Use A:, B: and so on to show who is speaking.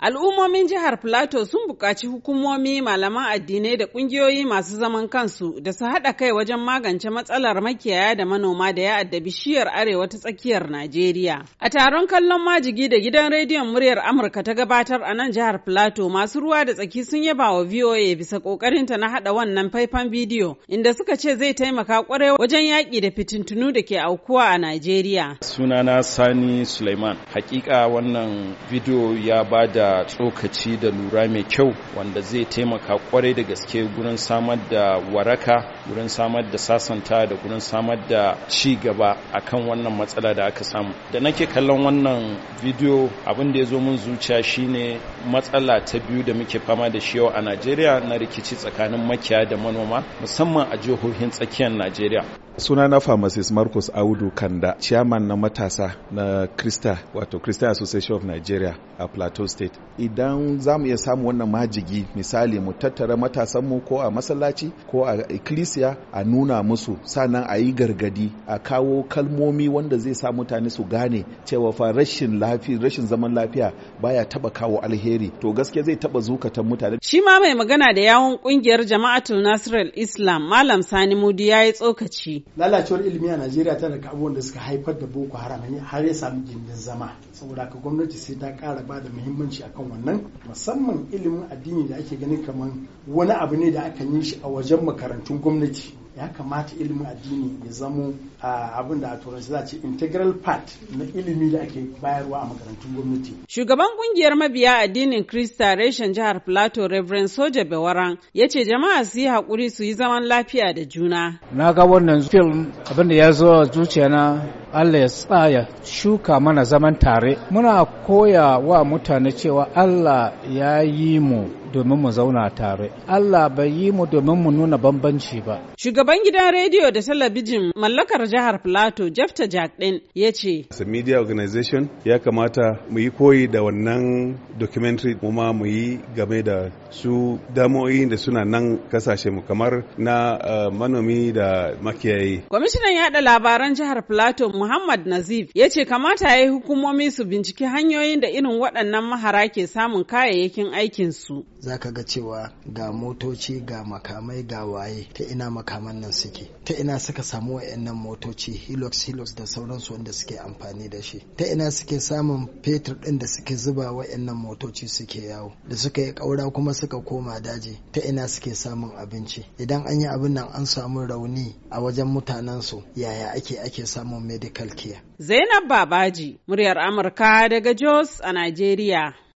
A: Al'ummomin jihar Plateau sun buƙaci hukumomi, malaman addinai da ƙungiyoyi masu zaman kansu da su haɗa kai wajen magance matsalar makiyaya da manoma da ya addabi bishiyar arewa ta tsakiyar Najeriya. A taron kallon majigi da gidan rediyon muryar Amurka ta gabatar a nan jihar Plateau masu ruwa da tsaki sun yaba wa VOA bisa ƙoƙarinta na haɗa wannan faifan bidiyo inda suka ce zai taimaka ƙwarai wajen yaƙi da fitintunu da ke aukuwa a Najeriya.
B: Sunana Sani Suleiman. Hakika wannan bidiyo ya bada tsokaci da lura mai kyau wanda zai taimaka kwarai da gaske gurin samar da waraka gurin samar da sasanta da gurin samar da ci gaba akan wannan matsala da aka samu da nake kallon wannan bidiyo abin da ya zo mun zuciya shine matsala ta biyu da muke fama da shi yau a najeriya na rikici tsakanin makiya da manoma musamman a jihohin tsakiyar najeriya
C: na pharmacist marcus audu kanda chairman na matasa na krista wato christian association of nigeria a plateau state idan za mu iya samu wannan majigi misali mu tattara matasanmu ko a masallaci ko a ikkilisiya a nuna musu sannan a yi gargadi a kawo kalmomi wanda zai sa mutane su gane cewa fa rashin lafi rashin zaman lafiya baya taba kawo alheri to gaske zai taba zukatan mutane shi
A: ma mai magana da yawon kungiyar jama'atul nasrul islam malam sani mudi ya yi tsokaci
D: lalacewar ilimi a najeriya tana da abubuwan da suka haifar da boko haram har ya samu gindin zama saboda ka gwamnati sai ta kara ba da muhimmanci akan wannan musamman ilimin addini da ake ganin kamar wani abu ne da aka yi shi a wajen makarantun gwamnati ya kamata ilimin addini ya zamo a abin da a turanci za a ce integral part na ilimi da ake bayarwa a makarantun gwamnati.
A: Shugaban kungiyar mabiya addinin Krista reshen jihar Plateau Reverend Soja Bewaran ya ce jama'a su yi haƙuri su yi zaman lafiya da juna.
D: Na ga wannan film abin da ya zo zuciya na Allah ya ya shuka mana zaman tare muna koya wa mutane cewa Allah ya yi mu domin mu zauna tare. Allah bai yi mu domin mu nuna
C: bambanci ba.
A: Shugaban gidan rediyo da talabijin mallakar jihar Plateau Jefta Jack ɗin ya ce.
C: As a media organization ya kamata mu yi koyi da wannan documentary kuma mu yi game da su damoyi da suna nan kasashe mu kamar na eh, manomi da makiyayi.
A: Kwamishinan yada labaran jihar Plateau Muhammad Nazif ya ce kamata ya yi hukumomi su binciki hanyoyin da irin waɗannan mahara ke
D: samun kayayyakin aikinsu. za ka ga cewa ga motoci ga makamai ga waye ta ina makaman nan suke ta ina suka samu wa'annan motoci hilux hilux da sauransu wanda suke amfani da shi ta ina suke samun fetur din da suke zuba wa'annan motoci suke yawo da suka yi kaura kuma suka koma daji ta ina suke samun abinci idan an yi abin nan an samu rauni a wajen mutanen su yaya ake ake samun medical care
A: zainab babaji muryar amurka daga jos a najeriya